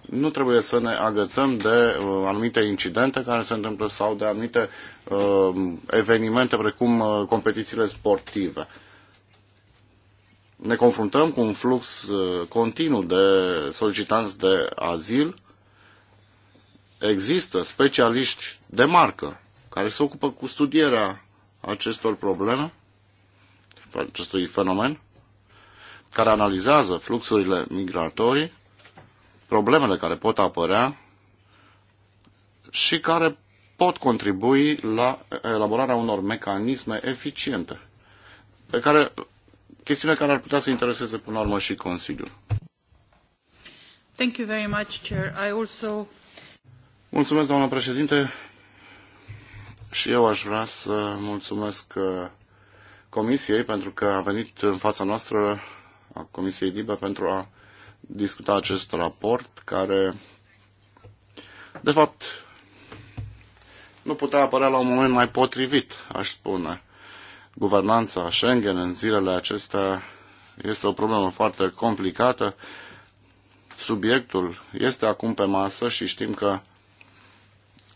Nu trebuie să ne agățăm de uh, anumite incidente care se întâmplă sau de anumite uh, evenimente precum uh, competițiile sportive. Ne confruntăm cu un flux uh, continuu de solicitanți de azil. Există specialiști de marcă care se ocupă cu studierea acestor probleme, acestui fenomen, care analizează fluxurile migratorii, problemele care pot apărea și care pot contribui la elaborarea unor mecanisme eficiente, pe care, chestiune care ar putea să intereseze până la urmă și Consiliul. Thank you very much, Chair. I also... Mulțumesc, doamnă președinte. Și eu aș vrea să mulțumesc uh, Comisiei pentru că a venit în fața noastră a Comisiei Libe pentru a discuta acest raport care de fapt nu putea apărea la un moment mai potrivit, aș spune. Guvernanța Schengen în zilele acestea este o problemă foarte complicată. Subiectul este acum pe masă și știm că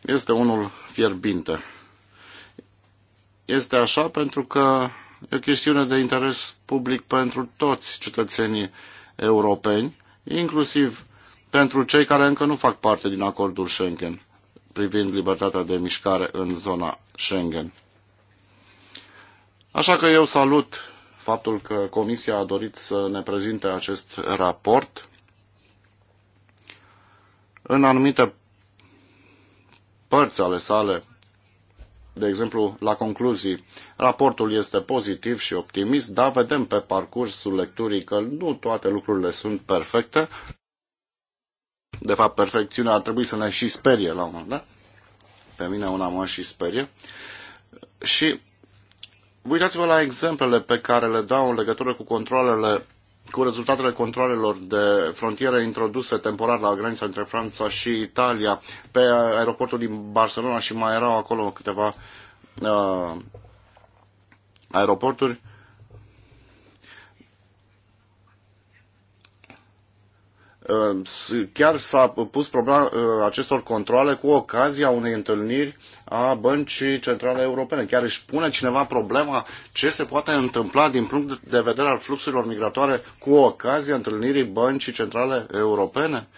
este unul fierbinte este așa pentru că e o chestiune de interes public pentru toți cetățenii europeni, inclusiv pentru cei care încă nu fac parte din acordul Schengen privind libertatea de mișcare în zona Schengen. Așa că eu salut faptul că Comisia a dorit să ne prezinte acest raport. În anumite părți ale sale de exemplu, la concluzii. Raportul este pozitiv și optimist, dar vedem pe parcursul lecturii că nu toate lucrurile sunt perfecte. De fapt, perfecțiunea ar trebui să ne și sperie la un moment dat. Pe mine una mă și sperie. Și uitați-vă la exemplele pe care le dau în legătură cu controlele cu rezultatele controlelor de frontieră introduse temporar la granița între Franța și Italia pe aeroportul din Barcelona și mai erau acolo câteva uh, aeroporturi Ehm, chiar s-a pus problema eh, acestor controle cu ocazia unei întâlniri a Băncii Centrale Europene. Chiar își pune cineva problema ce se poate întâmpla din punct de vedere al fluxurilor migratoare cu ocazia întâlnirii Băncii Centrale Europene.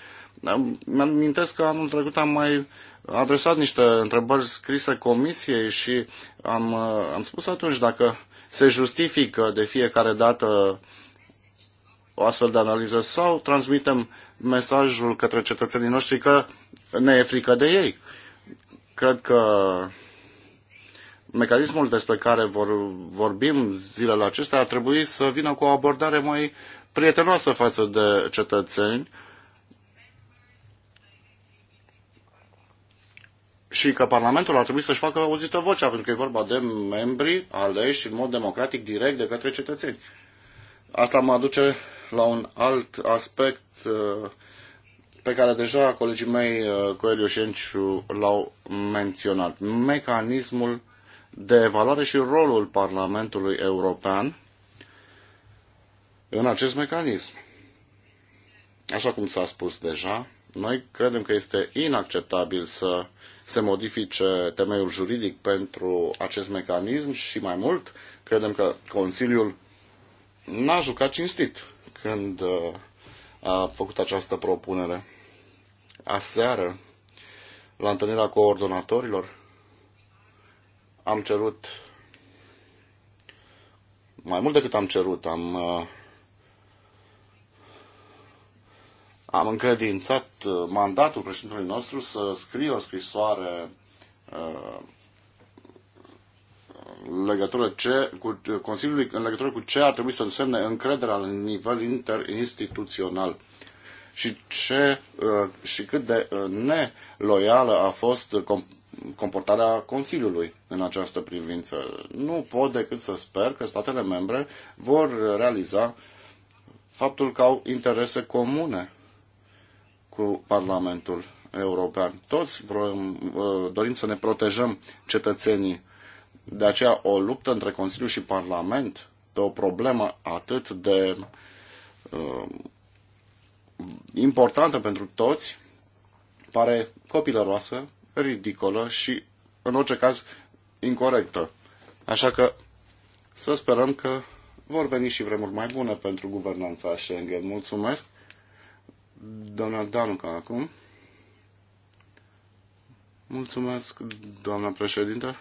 Ehm, mi mintesc că anul trecut am mai adresat niște întrebări scrise comisiei și am, am spus atunci dacă se justifică de fiecare dată uh, o astfel de analiză sau transmitem mesajul către cetățenii noștri că ne e frică de ei. Cred că mecanismul despre care vor, vorbim zilele acestea ar trebui să vină cu o abordare mai prietenoasă față de cetățeni și că Parlamentul ar trebui să-și facă auzită vocea, pentru că e vorba de membri aleși în mod democratic direct de către cetățeni. Asta mă aduce la un alt aspect uh, pe care deja colegii mei, uh, Coelio și Enciu, l-au menționat. Mecanismul de evaluare și rolul Parlamentului European în acest mecanism. Așa cum s-a spus deja, noi credem că este inacceptabil să se modifice temeiul juridic pentru acest mecanism și mai mult, credem că Consiliul n-a jucat cinstit când uh, a făcut această propunere. Aseară, la întâlnirea coordonatorilor, am cerut mai mult decât am cerut, am uh, am încredințat uh, mandatul președintelui nostru să scrie o scrisoare legătură ce, cu Consiliului în legătură cu ce ar trebui să însemne încrederea la nivel interinstituțional și, ce, uh, și cât de uh, neloială a fost comportarea Consiliului în această privință. Nu pot decât să sper că statele membre vor realiza faptul că au interese comune cu Parlamentul European. Toți vrem, uh, dorim să ne protejăm cetățenii de aceea o luptă între Consiliu și Parlament pe o problemă atât de uh, importantă pentru toți pare copilăroasă, ridicolă și, în orice caz, incorrectă. Așa că să sperăm că vor veni și vremuri mai bune pentru guvernanța Schengen. Mulțumesc! Doamna Danuca acum. Mulțumesc, doamna președinte.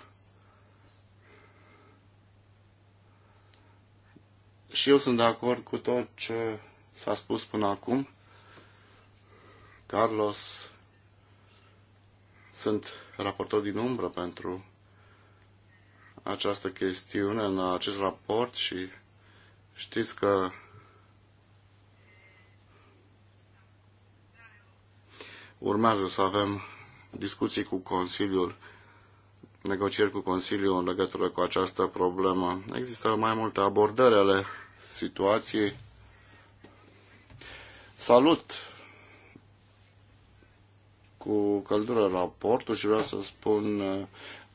Și eu sunt de acord cu tot ce s-a spus până acum. Carlos, sunt raportor din umbră pentru această chestiune în acest raport și știți că urmează să avem discuții cu Consiliul, negocieri cu Consiliul în legătură cu această problemă. Există mai multe abordări ale situației. Salut cu căldură raportul și vreau să spun uh,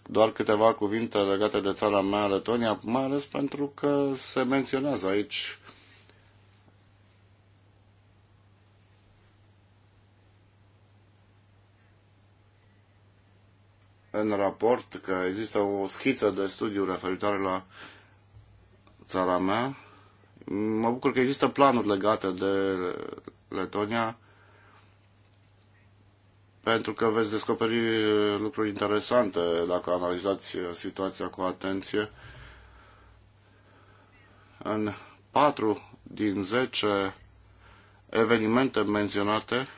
doar câteva cuvinte legate de țara mea, Letonia, mai ales pentru că se menționează aici în raport că există o schiță de studiu referitoare la țara mea Mă bucur că există planuri legate de Letonia pentru că veți descoperi lucruri interesante dacă analizați situația cu atenție. În 4 din 10 evenimente menționate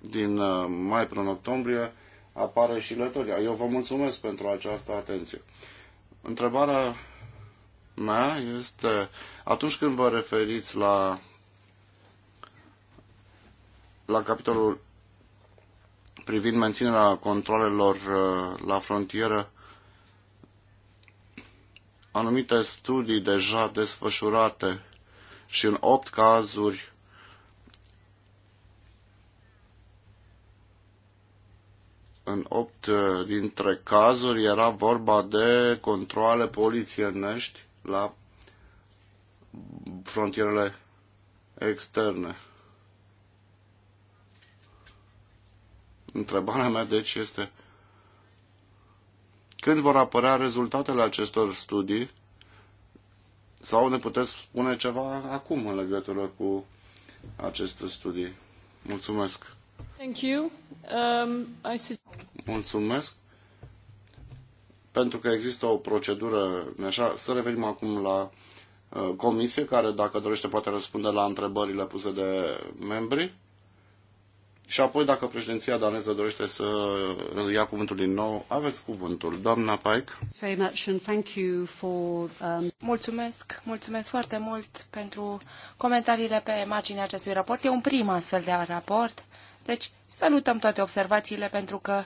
din uh, mai până în octombrie apare și Letonia. Eu vă mulțumesc pentru această atenție. Întrebarea mea este, atunci când vă referiți la, la capitolul privind menținerea controlelor uh, la frontieră, anumite studii deja desfășurate și în 8 cazuri în 8 uh, dintre cazuri era vorba de controle polițienești la frontierele externe. Întrebarea mea deci este când vor apărea rezultatele acestor studii sau ne puteți spune ceva acum în legătură cu aceste studii. Mulțumesc! Thank you. Um, I Mulțumesc. Pentru că există o procedură, așa, să revenim acum la uh, comisie, care, dacă dorește, poate răspunde la întrebările puse de membri. Și apoi, dacă președinția daneză dorește să ia cuvântul din nou, aveți cuvântul. Doamna Paik. Um, mulțumesc, mulțumesc foarte mult pentru comentariile pe marginea acestui raport. E un prim astfel de raport deci, salutăm toate observațiile pentru că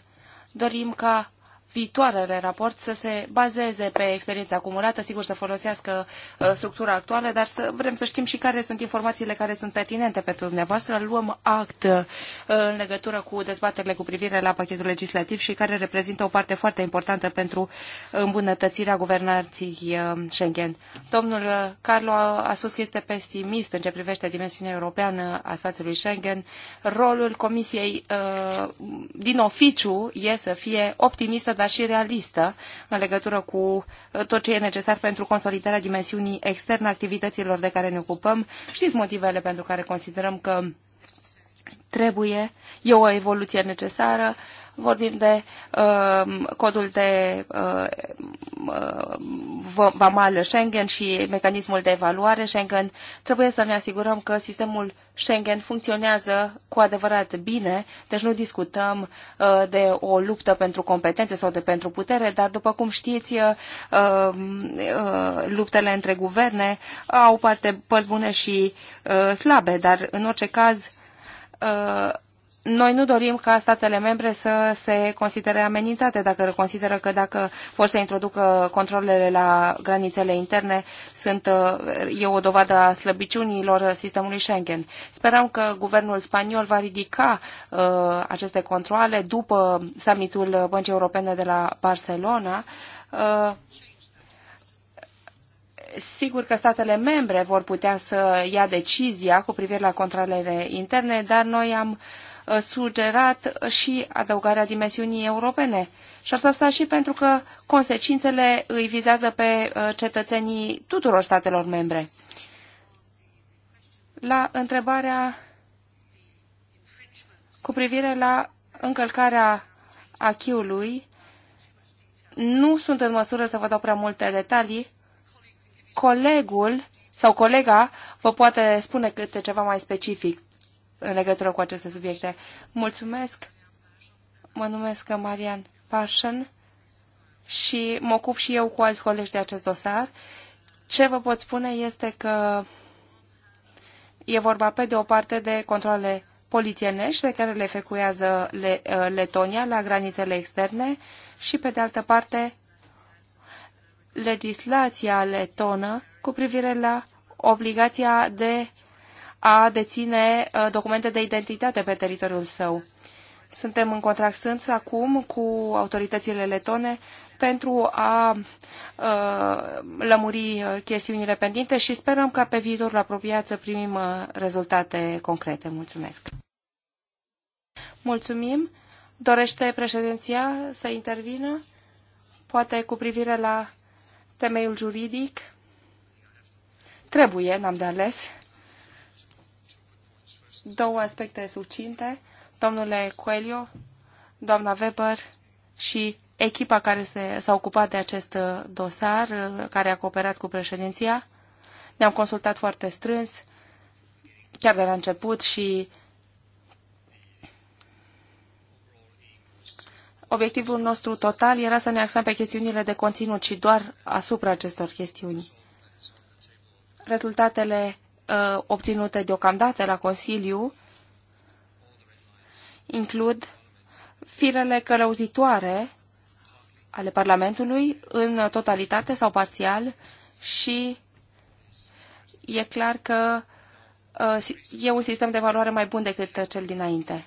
dorim ca viitoarele raport să se bazeze pe experiența acumulată, sigur să folosească uh, structura actuală, dar să, vrem să știm și care sunt informațiile care sunt pertinente pentru dumneavoastră. Luăm act uh, în legătură cu dezbaterile cu privire la pachetul legislativ și care reprezintă o parte foarte importantă pentru îmbunătățirea guvernanței uh, Schengen. Domnul Carlo a spus că este pesimist în ce privește dimensiunea europeană a spațiului Schengen. Rolul Comisiei din oficiu e să fie optimistă, dar dar și realistă în legătură cu uh, tot ce e necesar pentru consolidarea dimensiunii externe activităților de care ne ocupăm. Știți motivele pentru care considerăm că trebuie, e o evoluție necesară, vorbim de uh, codul de uh, um, uh, vamală Schengen și mecanismul de evaluare Schengen. Trebuie să ne asigurăm că sistemul Schengen funcționează cu adevărat bine, deci nu discutăm uh, de o luptă pentru competențe sau de pentru putere, dar după cum știți, uh, um, uh, luptele între guverne au parte părți bune și uh, slabe, dar în orice caz uh, noi nu dorim ca statele membre să se considere amenințate dacă consideră că dacă vor să introducă controlele la granițele interne, sunt, uh, e o dovadă a slăbiciunilor sistemului Schengen. Sperăm că guvernul spaniol va ridica uh, aceste controle după summitul Băncii Europene de la Barcelona. Uh, sigur că statele membre vor putea să ia decizia cu privire la controlele interne, dar noi am uh, Uh, sugerat și adăugarea dimensiunii europene. Și asta și pentru că consecințele îi vizează pe uh, cetățenii tuturor statelor membre. La întrebarea cu privire la încălcarea achiului, nu sunt în măsură să vă dau prea multe detalii. Colegul sau colega vă poate spune câte ceva mai specific în legătură cu aceste subiecte. Mulțumesc! Mă numesc Marian Pașan și mă ocup și eu cu alți colegi de acest dosar. Ce vă pot spune este că e vorba pe de o parte de controle polițienești pe care le efectuează Le uh, Letonia la granițele externe și pe de altă parte legislația letonă cu privire la obligația de a deține uh, documente de identitate pe teritoriul său. Suntem în contract strâns acum cu autoritățile letone pentru a uh, lămuri uh, chestiunile pendinte și sperăm ca pe viitorul apropiat să primim rezultate concrete. Mulțumesc! Mulțumim! Dorește președinția să intervină? Poate cu privire la temeiul juridic? Trebuie, n-am de ales două aspecte sucinte, Domnule Coelho, doamna Weber și echipa care s-a ocupat de acest uh, dosar, uh, care a cooperat cu președinția, ne-am consultat foarte strâns, chiar de la început și obiectivul nostru total era să ne axăm pe chestiunile de conținut și doar asupra acestor chestiuni. Rezultatele uh, obținute deocamdată la Consiliu includ firele călăuzitoare ale Parlamentului în totalitate sau parțial și e clar că uh, e un sistem de valoare mai bun decât cel dinainte.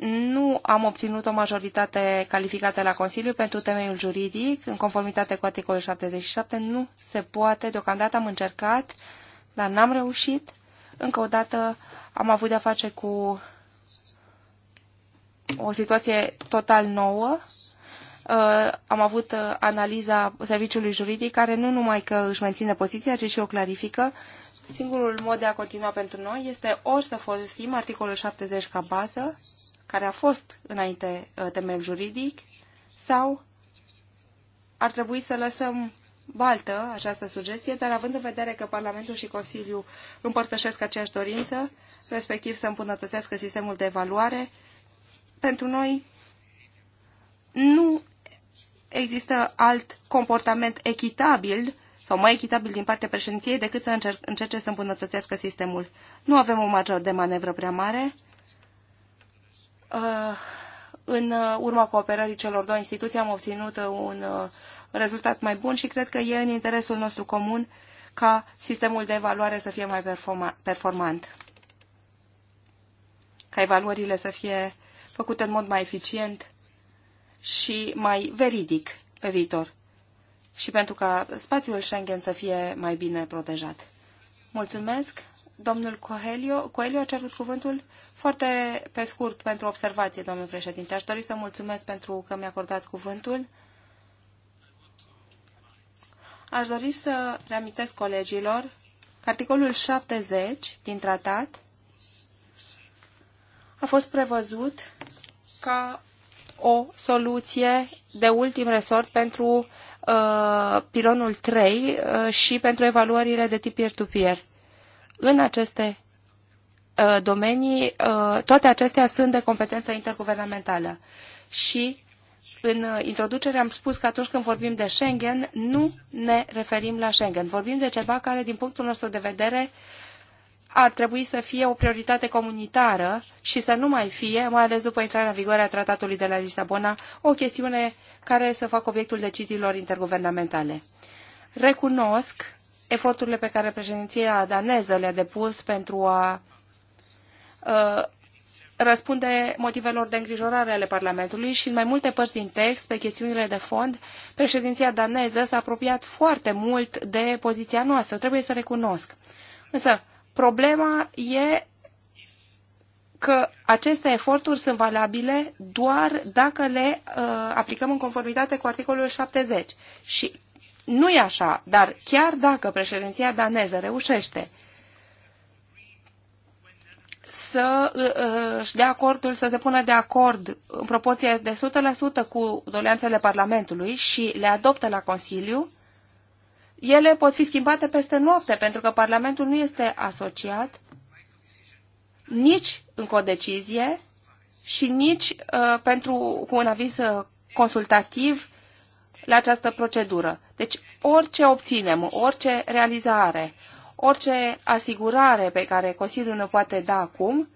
Nu am obținut o majoritate calificată la Consiliu pentru temeiul juridic, în conformitate cu articolul 77, nu se poate. Deocamdată am încercat uh, dar n-am reușit. Încă o dată am avut de-a face cu o situație total nouă. Uh, am avut uh, analiza serviciului juridic care nu numai că își menține poziția, ci și o clarifică. Singurul mod de a continua pentru noi este ori să folosim articolul 70 ca bază, care a fost înainte uh, temel juridic, sau ar trebui să lăsăm baltă această sugestie, dar având în vedere că Parlamentul și Consiliul împărtășesc aceeași dorință, respectiv să îmbunătățească sistemul de evaluare, pentru noi nu există alt comportament echitabil sau mai echitabil din partea președinției decât să încer încerce să îmbunătățească sistemul. Nu avem o marjă de manevră prea mare. Uh, în uh, urma cooperării celor două instituții am obținut uh, un rezultat mai bun și cred că e în interesul nostru comun ca sistemul de evaluare să fie mai performant, ca evaluările să fie făcute în mod mai eficient și mai veridic pe viitor și pentru ca spațiul Schengen să fie mai bine protejat. Mulțumesc! Domnul Coelho, Coelho a cerut cuvântul foarte pe scurt pentru observație, domnul președinte. Aș dori să mulțumesc pentru că mi a acordat cuvântul. Aș dori să reamintesc colegilor că articolul 70 din tratat a fost prevăzut ca o soluție de ultim resort pentru uh, pilonul 3 uh, și pentru evaluările de tip peer-to-peer. -peer. În aceste uh, domenii, uh, toate acestea sunt de competență interguvernamentală și în uh, introducere am spus că atunci când vorbim de Schengen, nu ne referim la Schengen. Vorbim de ceva care, din punctul nostru de vedere, ar trebui să fie o prioritate comunitară și să nu mai fie, mai ales după intrarea în vigoare a tratatului de la Lisabona, o chestiune care să facă obiectul deciziilor interguvernamentale. Recunosc eforturile pe care președinția daneză le-a depus pentru a uh, răspunde motivelor de îngrijorare ale Parlamentului și în mai multe părți din text, pe chestiunile de fond, președinția daneză s-a apropiat foarte mult de poziția noastră, trebuie să recunosc. Însă, problema e că aceste eforturi sunt valabile doar dacă le uh, aplicăm în conformitate cu articolul 70. Și nu e așa, dar chiar dacă președinția daneză reușește să uh, uh, își dea acordul, să se pună de acord în proporție de 100% cu doleanțele Parlamentului și le adoptă la Consiliu, ele pot fi schimbate peste noapte, pentru că Parlamentul nu este asociat nici în codecizie și nici uh, pentru, cu un aviz uh, consultativ la această procedură. Deci orice obținem, orice realizare, orice asigurare pe care Consiliul ne poate da acum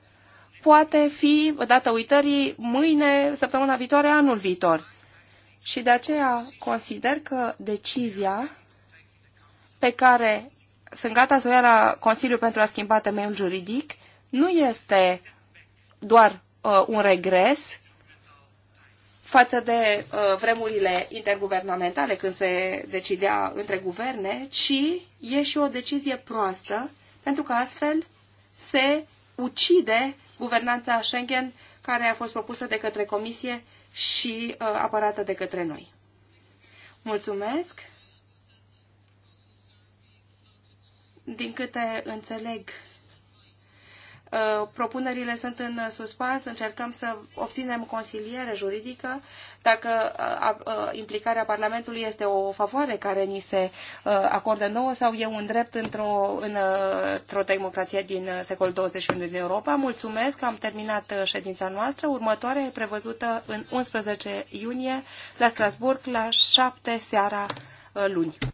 poate fi dată uitării mâine, săptămâna viitoare, anul viitor. Și de aceea consider că decizia pe care sunt gata să o ia la Consiliu pentru a schimba temeiul juridic nu este doar uh, un regres, față de uh, vremurile interguvernamentale când se decidea între guverne, ci e și o decizie proastă, pentru că astfel se ucide guvernanța Schengen care a fost propusă de către Comisie și uh, apărată de către noi. Mulțumesc! Din câte înțeleg, Uh, propunerile sunt în suspans, încercăm să obținem consiliere juridică. Dacă uh, uh, implicarea Parlamentului este o favoare care ni se acordă nouă sau e un drept într-o, într-o democrație din secolul 21 din Europa, mulțumesc, am terminat ședința noastră. Următoarea e prevăzută în 11 iunie la Strasburg la 7 seara luni.